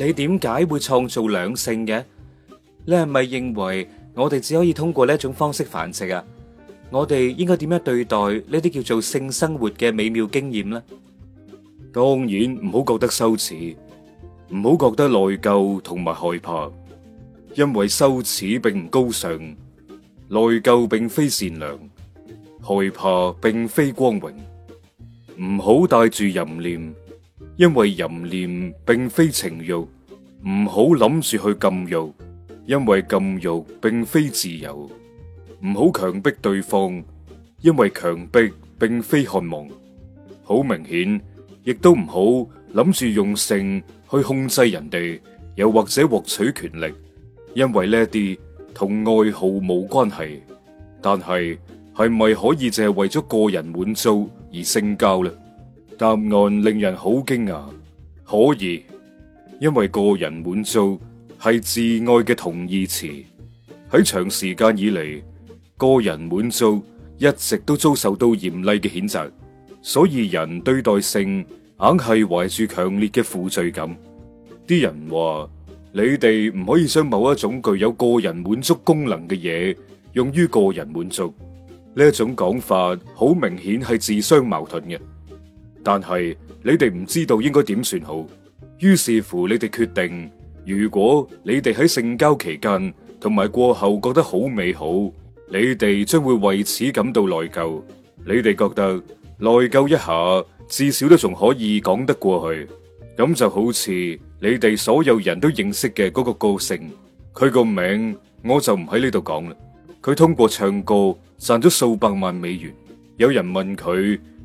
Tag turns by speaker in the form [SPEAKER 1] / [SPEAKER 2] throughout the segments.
[SPEAKER 1] 你點解會創造兩性嘅？你係咪認為我哋只可以通過呢一種方式繁殖啊？我哋應該點樣對待呢啲叫做性生活嘅美妙經驗呢？當然唔好覺得羞恥，唔好覺得內疚同埋害怕，因為羞恥並唔高尚，內疚並非善良，害怕並非光榮。唔好帶住淫念。因為淫念並非情慾，唔好諗住去禁欲；因為禁欲並非自由，唔好強迫對方；因為強迫並非渴望。好明顯，亦都唔好諗住用性去控制人哋，又或者獲取權力。因為呢一啲同愛毫無關係。但係係咪可以淨係為咗個人滿足而性交呢？答案令人好驚訝，可以，因為個人滿足係自愛嘅同義詞。喺長時間以嚟，個人滿足一直都遭受到嚴厲嘅譴責，所以人對待性硬係懷住強烈嘅負罪感。啲人話你哋唔可以將某一種具有個人滿足功能嘅嘢用於個人滿足呢一種講法，好明顯係自相矛盾嘅。但係你哋唔知道應該點算好，於是乎你哋決定，如果你哋喺性交期間同埋過後覺得好美好，你哋將會為此感到內疚。你哋覺得內疚一下，至少都仲可以講得過去。咁就好似你哋所有人都認識嘅嗰個歌星，佢個名我就唔喺呢度講啦。佢通過唱歌賺咗數百萬美元。有人問佢。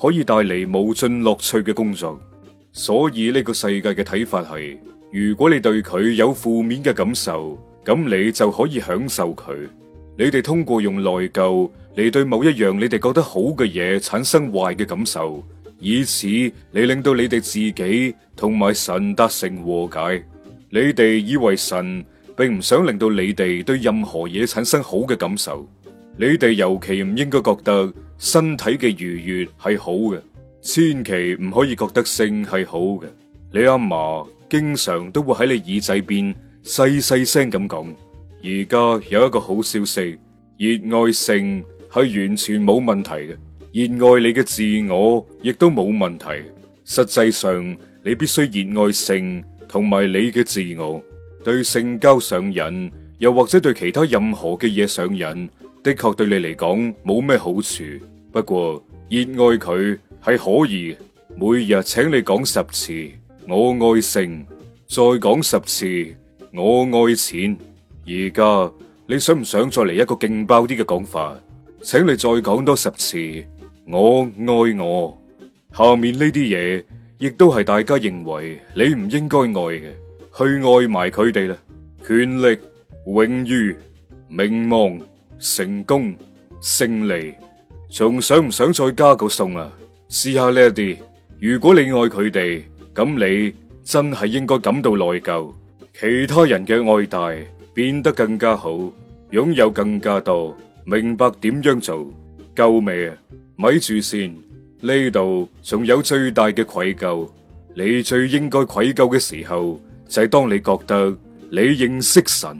[SPEAKER 1] 可以帶嚟無盡樂趣嘅工作，所以呢個世界嘅睇法係：如果你對佢有負面嘅感受，咁你就可以享受佢。你哋通過用內疚嚟對某一樣你哋覺得好嘅嘢產生壞嘅感受，以此嚟令到你哋自己同埋神達成和解。你哋以為神並唔想令到你哋對任何嘢產生好嘅感受，你哋尤其唔應該覺得。身體嘅愉悅係好嘅，千祈唔可以覺得性係好嘅。你阿嫲經常都會喺你耳仔邊細細聲咁講。而家有一個好消息，熱愛性係完全冇問題嘅，熱愛你嘅自我亦都冇問題。實際上，你必須熱愛性同埋你嘅自我，對性交上癮，又或者對其他任何嘅嘢上癮，的確對你嚟講冇咩好處，不過熱愛佢係可以。每日請你講十次我愛性，再講十次我愛錢。而家你想唔想再嚟一個勁爆啲嘅講法？請你再講多十次我愛我。下面呢啲嘢亦都係大家認為你唔應該愛嘅，去愛埋佢哋啦。權力、榮譽、名望。成功勝利，仲想唔想再加個餸啊？試下呢一啲。如果你愛佢哋，咁你真係應該感到內疚。其他人嘅愛戴變得更加好，擁有更加多，明白點樣做，夠咩？咪住先，呢度仲有最大嘅愧疚。你最應該愧疚嘅時候，就係當你覺得你認識神，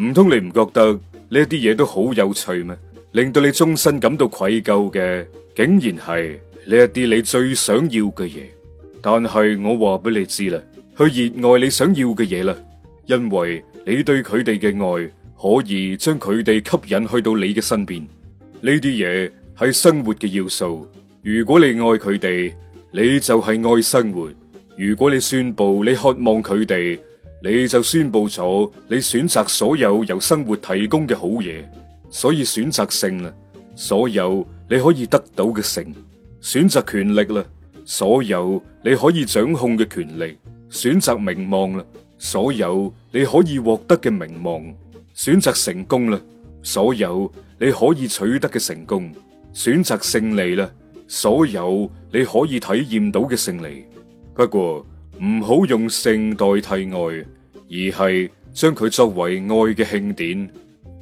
[SPEAKER 1] 唔通你唔覺得？呢啲嘢都好有趣咩？令到你終身感到愧疚嘅，竟然係呢一啲你最想要嘅嘢。但係我話俾你知啦，去熱愛你想要嘅嘢啦，因為你對佢哋嘅愛可以將佢哋吸引去到你嘅身邊。呢啲嘢係生活嘅要素。如果你愛佢哋，你就係愛生活。如果你宣布你渴望佢哋，你就宣布咗你選擇所有由生活提供嘅好嘢，所以選擇性啦，所有你可以得到嘅性，選擇權力啦，所有你可以掌控嘅權力，選擇名望啦，所有你可以獲得嘅名望，選擇成功啦，所有你可以取得嘅成功，選擇勝利啦，所有你可以體驗到嘅勝利。不過。唔好用性代替愛，而係將佢作為愛嘅慶典；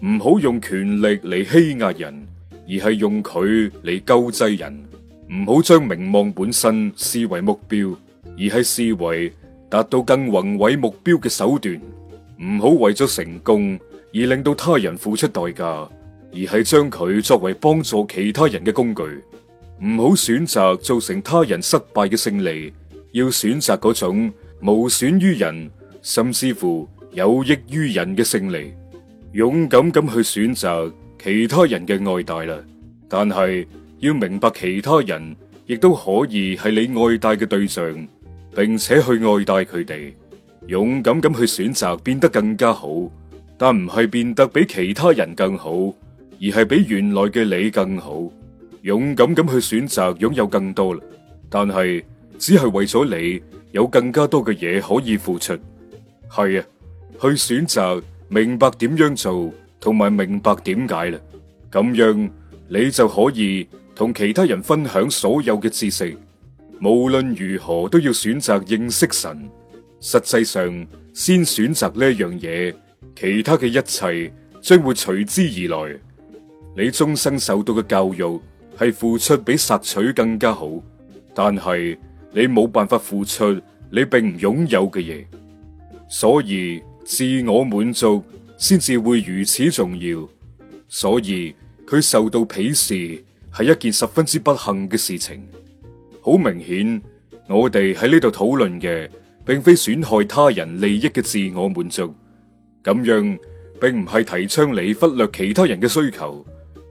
[SPEAKER 1] 唔好用權力嚟欺壓人，而係用佢嚟救濟人；唔好將名望本身視為目標，而係視為達到更宏偉目標嘅手段；唔好為咗成功而令到他人付出代價，而係將佢作為幫助其他人嘅工具；唔好選擇造成他人失敗嘅勝利。要選擇嗰種無損於人，甚至乎有益於人嘅勝利，勇敢咁去選擇其他人嘅愛戴啦。但係要明白，其他人亦都可以係你愛戴嘅對象，並且去愛戴佢哋。勇敢咁去選擇變得更加好，但唔係變得比其他人更好，而係比原來嘅你更好。勇敢咁去選擇擁有更多啦，但係。只係為咗你有更加多嘅嘢可以付出，係啊，去選擇明白點樣做，同埋明白點解啦。咁樣你就可以同其他人分享所有嘅知識。無論如何都要選擇認識神。實際上，先選擇呢樣嘢，其他嘅一切將會隨之而來。你終生受到嘅教育係付出比索取更加好，但係。你冇辦法付出你並唔擁有嘅嘢，所以自我滿足先至會如此重要。所以佢受到鄙視係一件十分之不幸嘅事情。好明顯，我哋喺呢度討論嘅，並非損害他人利益嘅自我滿足。咁樣並唔係提倡你忽略其他人嘅需求，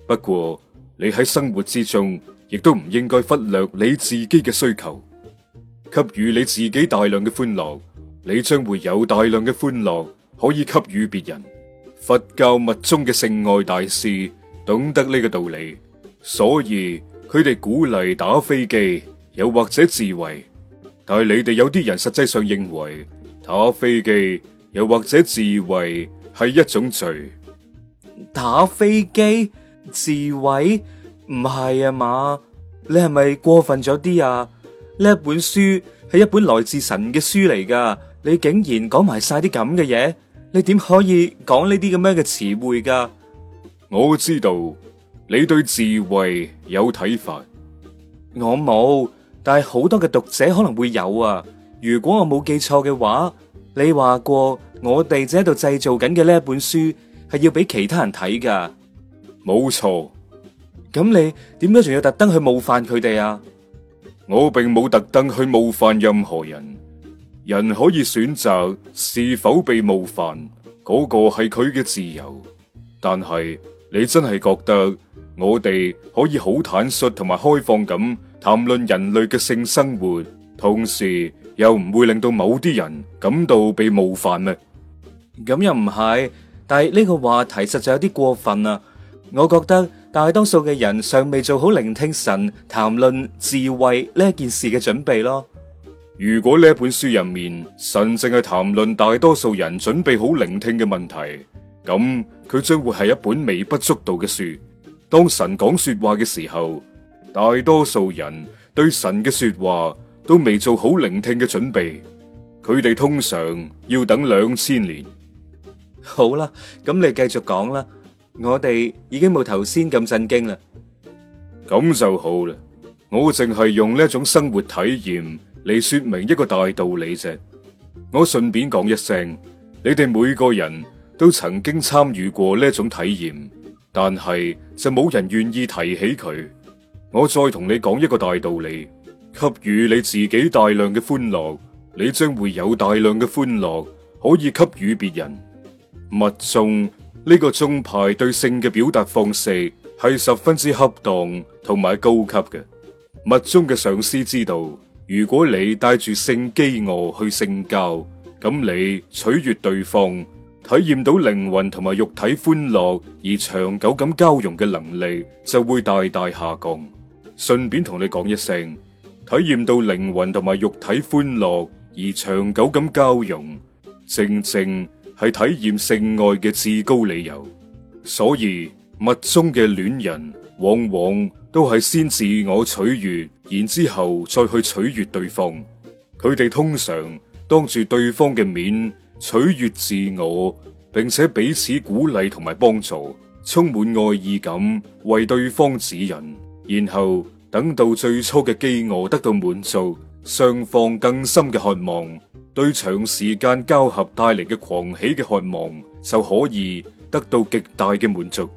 [SPEAKER 1] 不過你喺生活之中亦都唔應該忽略你自己嘅需求。給予你自己大量嘅歡樂，你將會有大量嘅歡樂可以給予別人。佛教密宗嘅性愛大師懂得呢個道理，所以佢哋鼓勵打飛機，又或者自慰。但係你哋有啲人實際上認為打飛機又或者自慰係一種罪。打飛機自慰唔係啊嘛？你係咪過分咗啲啊？呢一本書係一本來自神嘅書嚟噶，你竟然講埋晒啲咁嘅嘢，你點可以講呢啲咁樣嘅詞彙噶？我知道你對智慧有睇法，我冇，但係好多嘅讀者可能會有啊。如果我冇記錯嘅話，你話過我哋就喺度製造緊嘅呢一本書係要俾其他人睇噶。冇錯。咁你點解仲要特登去冒犯佢哋啊？我並冇特登去冒犯任何人，人可以選擇是否被冒犯，嗰個係佢嘅自由。但係你真係覺得我哋可以好坦率同埋開放咁談論人類嘅性生活，同時又唔會令到某啲人感到被冒犯咩？咁又唔係，但係呢個話題實在有啲過分啊！我覺得。大多數嘅人尚未做好聆聽神談論智慧呢件事嘅準備咯。如果呢本書入面，神淨係談論大多數人準備好聆聽嘅問題，咁佢將會係一本微不足道嘅書。當神講說話嘅時候，大多數人對神嘅說話都未做好聆聽嘅準備，佢哋通常要等兩千年。好啦，咁你繼續講啦。我哋已經冇頭先咁震驚啦，咁就好啦。我淨係用呢一種生活體驗嚟，說明一個大道理啫。我順便講一聲，你哋每個人都曾經參與過呢種體驗，但係就冇人願意提起佢。我再同你講一個大道理：給予你自己大量嘅歡樂，你將會有大量嘅歡樂可以給予別人。物送。呢個宗派對性嘅表達方式係十分之恰當同埋高級嘅。物中嘅上司知道，如果你帶住性飢餓去性交，咁你取悅對方、體驗到靈魂同埋肉體歡樂而長久咁交融嘅能力就會大大下降。順便同你講一聲，體驗到靈魂同埋肉體歡樂而長久咁交融，正正。係體驗性愛嘅至高理由，所以密宗嘅戀人往往都係先自我取悅，然之後再去取悅對方。佢哋通常當住對方嘅面取悦自我，並且彼此鼓勵同埋幫助，充滿愛意咁為對方指引，然後等到最初嘅飢餓得到滿足，雙方更深嘅渴望。對長時間交合帶嚟嘅狂喜嘅渴望就可以得到極大嘅滿足。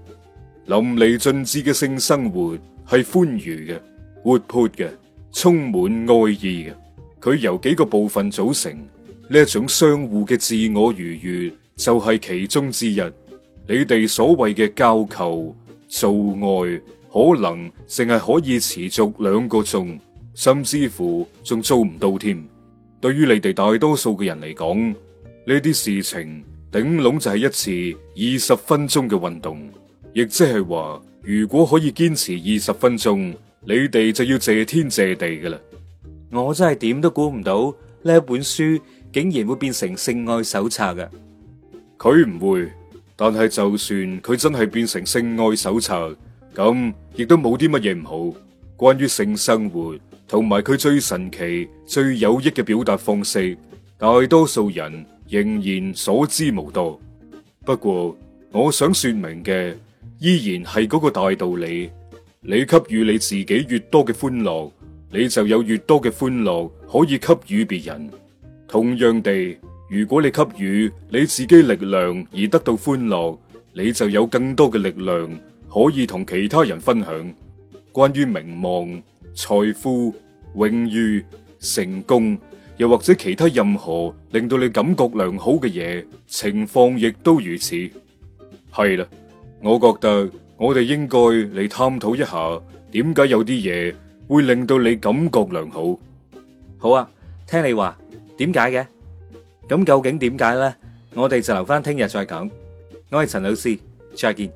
[SPEAKER 1] 淋漓盡致嘅性生活係歡愉嘅、活潑嘅、充滿愛意嘅。佢由幾個部分組成，呢一種相互嘅自我愉悅就係、是、其中之一。你哋所謂嘅交媾做愛，可能淨係可以持續兩個鐘，甚至乎仲做唔到添。對於你哋大多數嘅人嚟講，呢啲事情頂籠就係一次二十分鐘嘅運動，亦即係話，如果可以堅持二十分鐘，你哋就要謝天謝地嘅啦。我真係點都估唔到呢一本書竟然會變成性愛手冊嘅。佢唔會，但係就算佢真係變成性愛手冊，咁亦都冇啲乜嘢唔好。關於性生活。同埋佢最神奇、最有益嘅表達方式，大多數人仍然所知無多。不過，我想說明嘅依然係嗰個大道理：你給予你自己越多嘅歡樂，你就有越多嘅歡樂可以給予別人。同樣地，如果你給予你自己力量而得到歡樂，你就有更多嘅力量可以同其他人分享。關於名望。財富、榮譽、成功，又或者其他任何令到你感覺良好嘅嘢，情況亦都如此。係啦，我覺得我哋應該嚟探討一下，點解有啲嘢會令到你感覺良好。好啊，聽你話，點解嘅？咁究竟點解呢？我哋就留返聽日再講。我係陳老師，再見。